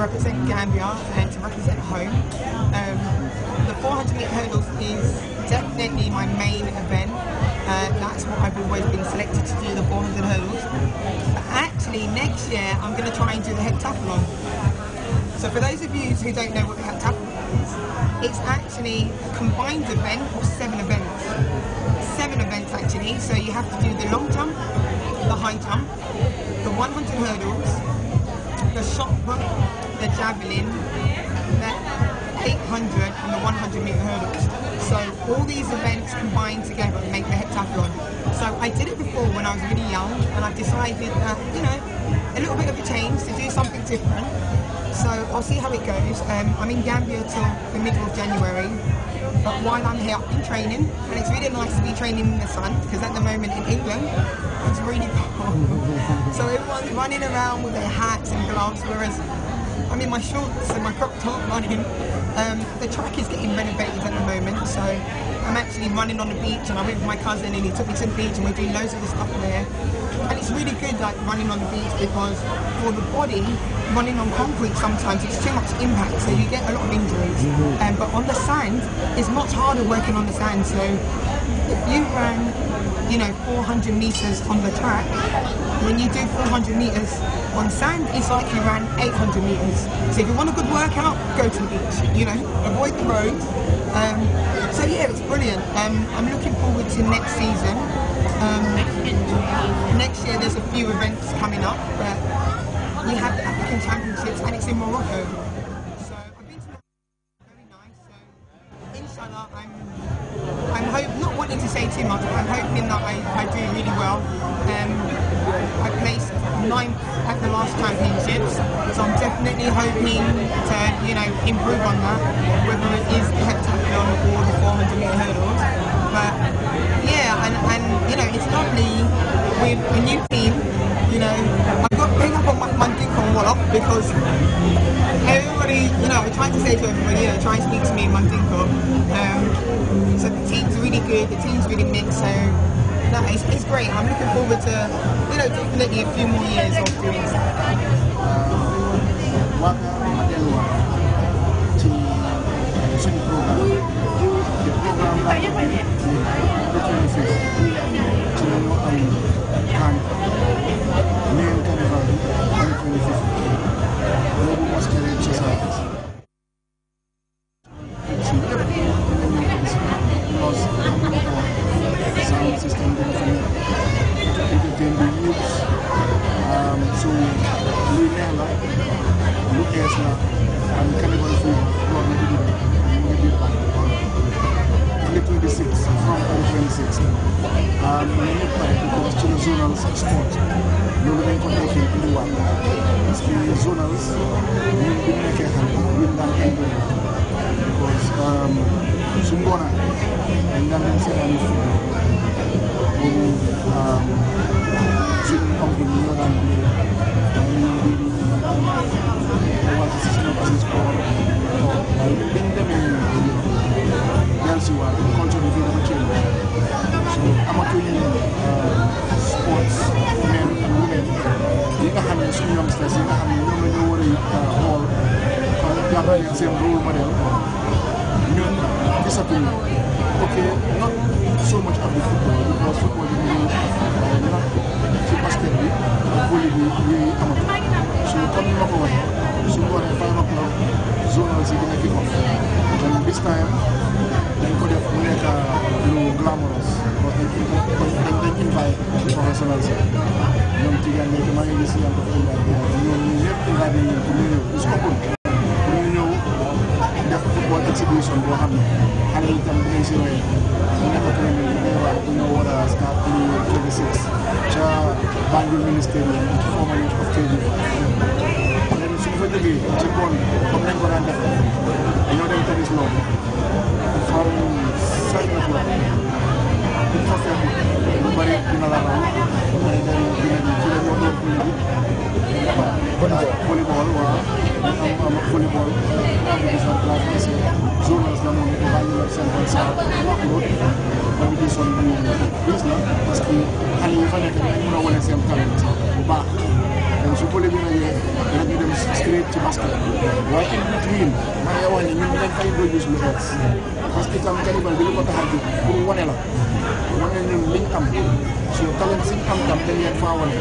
represent Gambia and to represent home. Um, the 400 metre hurdles is definitely my main event. Uh, that's what I've always been selected to do, the 400 hurdles. But actually, next year I'm going to try and do the heptathlon. So for those of you who don't know what the heptathlon is, it's actually a combined event of seven events. Seven events actually, so you have to do the long jump, the high jump, the 100 hurdles, the shot put, the javelin, the 800 and the 100 meter hurdles. So all these events combined together make the heptathlon. So I did it before when I was really young and i decided that, you know, a little bit of a change to do something different. So I'll see how it goes. Um, I'm in Gambia till the middle of January. But while I'm here, I've been training, and it's really nice to be training in the sun because at the moment in England, it's really cold. so everyone's running around with their hats and gloves, whereas I'm in my shorts and my crop top running. Um, the track is getting renovated at the moment, so I'm actually running on the beach and I'm with my cousin and he took me to the beach and we do loads of this stuff there it's really good like running on the beach because for the body, running on concrete sometimes it's too much impact, so you get a lot of injuries. Mm-hmm. Um, but on the sand, it's much harder working on the sand. So if you run, you know, 400 meters on the track, when you do 400 meters on sand, it's like you ran 800 meters. So if you want a good workout, go to the beach. You know, avoid the road. Um, so yeah, it's brilliant. Um, I'm looking forward to next season. Um, next year there's a few events coming up, but we have the African Championships and it's in Morocco. So I've been to Morocco, very nice. So inshallah, I'm I'm hope not wanting to say too much, but I'm hoping that I, I do really well. Um, I placed ninth at the last championships, so I'm definitely hoping to you know improve on that, whether it is the heptathlon or the 400 meter hurdles. But yeah, and, and you know, it's lovely with a new team. You know, I've got big up on my, my gig from Wallop because everybody, you know, I tried to say to everybody, you know, try and speak to me in Mantinko. Um, so the team's really good, the team's really mixed, so no, it's, it's great. I'm looking forward to, you know, definitely a few more years of doing this. 等一会儿，ah nañu pare di ko def ci le journal sport loolu dañ ko defee indiwaat parce que journal ñun bu nekkee xale ñun daan indiwaat because um, su ngoonaan dañ daan dem seetaan football boobu um, suñu am bi ñoo programme space yi nga xam ne ñoom la ñu war a euh, xool kon jàppale leen seen rôle modèle ñun gisatuñu ok not so much of the football because football yi ñu nag ci basket bi ak volley bi yooyu amatu so comme ni ma ko waxee su ñu waree five o'clock zone si dina kii off and this time nekk lu glamorous dañ dañ invite professionnels yi ñoom ci gàncax gi maa ngi gis yàlla dafa invite ñoom ñun ñëpp invite nañ leen pour ñu ñëw su ko pour ñu ñëw def football exhibition boo xam ne xale yi tam dinañ si royee mu nekk kuréel yi day wax bu ñu war a start ci 26 ca Banjul ministère yi ci formal yi of trade yi su fa jógee ci kool comme nañ ko daan def dañoo dem tennis loolu sérieusement il faut seetlu lu bëri dina la laal lu bëri njëriñ dina ji ci la ñu doon kuréel gi. volleyball volleyball waaw ñu am am volleyball am na seen place parce que journaliste la moom bàyyi la seen vol saa loolu ba ñu ciy sonn ñu plus la parce que xale yi fa nekk dañu mën a wane seen talent bu baax donc su volley bi rek ñu dem straight ci basket waaye win maa ngi wax ne ñun fay booy yus lu bees parce que tam Kanibal bi lu ko tax pour la liñ so talent siñ am tam dañ leen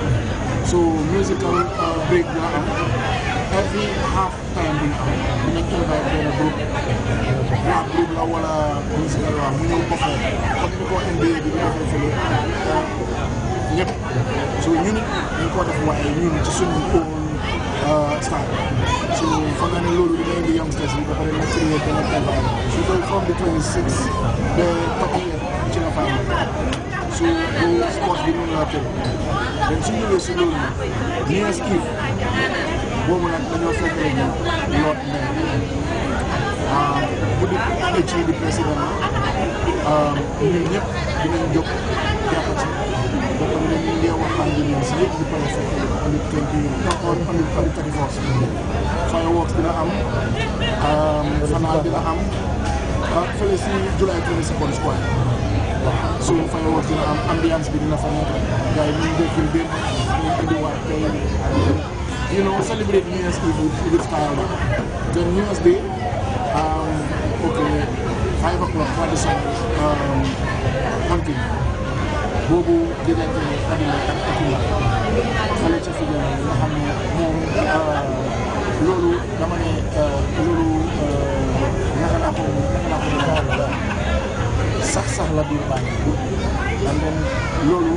so musical break la am every half time bi dinañ koy bàyyi benn groupe waa groupe la wala musical waa mu ko fa ko bi ñu so ñun ñu ko def waaye ñun ci suñu star so foog naa ne loolu dina indi youngsters yi ba pare na créer benn travail su koy from the 26 ba topp ci la faam so boobu sport bi noonu laa tëdd donc su ñëwee si loolu nii as if boobu nag dañoo fekk rek lot ne bu di ëcc di président ñun ñëpp dinañ jóg jàpp ci government India were finding as rich people as second only 20 or only 34 fireworks dina am um fanal dina am ak fele ci July 22nd square so fireworks dina am ambiance bi dina fa nekk gaay ñu def fi dem ñu indi waat tay you know celebrate New Year's Eve with, with style then New Year's Day um okay 5 o'clock traditional um hunting boobu diggante Adina ak Fatima fële ca si nga xam ne moom loolu dama ne loolu naka laa ko naka laa ko mën a sax sax la biir baañ am ren loolu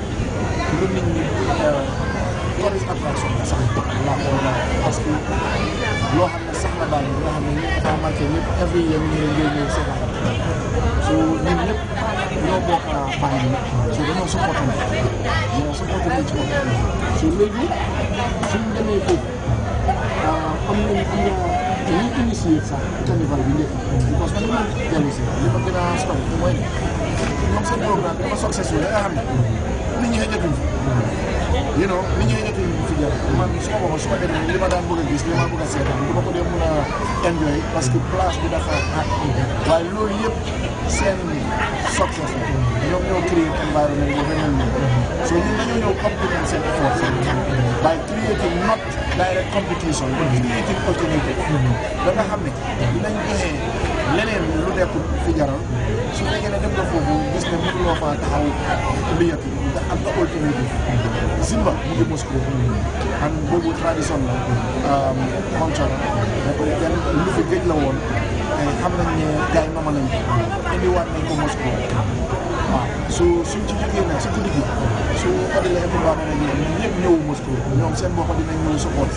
lu nit ñi tourist attraction la sax laa ko mën a parce que loo xam ne sax every year so ñun ñëpp ñoo bokk bañ bi so dañoo supportante ñoo supportante ci bopp so léegi suñ demee foofu ah, am nañ am na ñuy initié sax carnival bi lépp parce que ñu mën dellusi li ma gën a stop mooy ñoom seen programme dafa successful da nga xam ne nit ñi xëjatuñ fi you know nit ñi xëjatuñ fi jar su ma waxoon su ma li ma daan bëgg a gis li ma bëgg a seetaan du ma ko dee mën a enjoy parce que place bi dafa àgg. waaye loolu yëpp seen succès la. ñoom ñoo créé environnement bi beneen bi. so ñun dañoo ñëw not direct competition. but creating opportunity. ba nga xam ne dinañ joxe. leneen lu nekkul fi jaral su fekkee ne dem nga foofu a ne mënuloo faa taxaw liyatu te am nga alternative Simba mu ngi Moscou an boobu tradition la montor ko benn lu fi géej la woon te xam nañ ne gars yi mama nañ indiwaat nañ ko Moscou Ah, su suñ ci jógee nag si guddi gi su ëllëgee mbaa ma ne ñoom ñëpp ñëw Moscou ñoom seen bopp dinañ ñëw support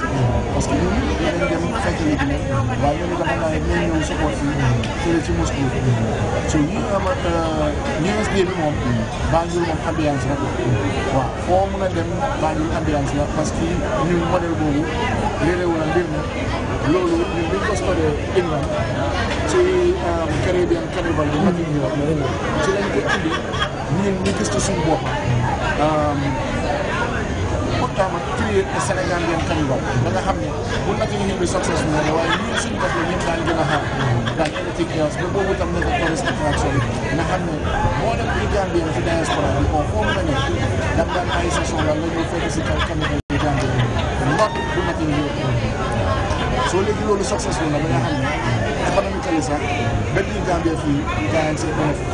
parce que ñun dinañ dem fekk li dina waaye ñooñu dafa naa dinañ euh, moom Banjul la waaw foo mën a dem Banjul ambiance la parce que ñun modèle boobu réeré wala mbir na loolu ñun biñ ko scoré ci euh, Caribbean Carnival bi nga ci lañ ko indi ñun ñu gis ci suñu bopp euh, pourtant a créer a ngeen kan lool ba nga xam ne bu nature ñun bi success ne waaye ñun suñu bopp ñun daan gën a xaar daan politique yow ba bi nga xam ne moo dem ci Gambie ci diaspora bi bon foofu la nekk dam si kaw caméra yi bi lot bu nature ñëw soo léegi loolu successful la ba nga xam ne économiquement sax benn yu Gambie fii gars yi seen bénéfice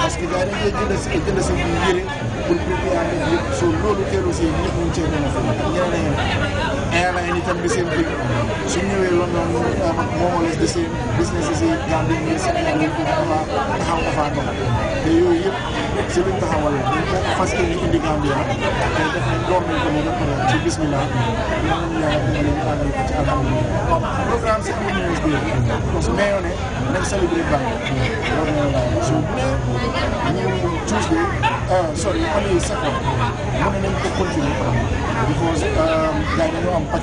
parce que gars yi dañ koy jënd si jënd si yére pour pour yaa ngi yëpp soo loolu teel aussi ñëpp ñu ngi cee bénéfice ñeneen ñeneen airline yi tam di seen prix su ñëwee London moom moo les di seen business yi si Gambie ñu ngi seen yàlla yëpp dafa taxaw dafa dox yooyu si luñ taxawal la fas yéene indi Gambia te def nañ door nañ ko ba pare ci bismillah ñaan nañ yàlla dimbali ñu àndal ko ci alhamdulilah programme si amul bi parce que nee ne nañ célébrer so bu ne ñu Tuesday uh, sorry only second mën xam ne bii gars yi bi following day nga xam ne moom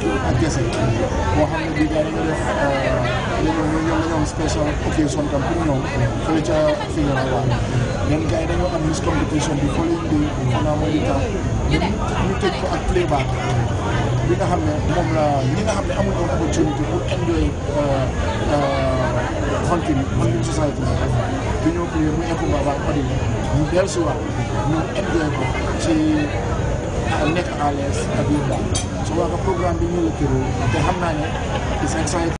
la ñi nga xam ne amul woon opportunité pour enjoy uh, uh, continue Muslim society dañoo plié muy Kumba Ba Odile ñu dellusiwaat ñu enjoy ko ci euh, nekk à l'aise ak yëpp daal su ko waxee programme bi ñu la kii te xam naa ne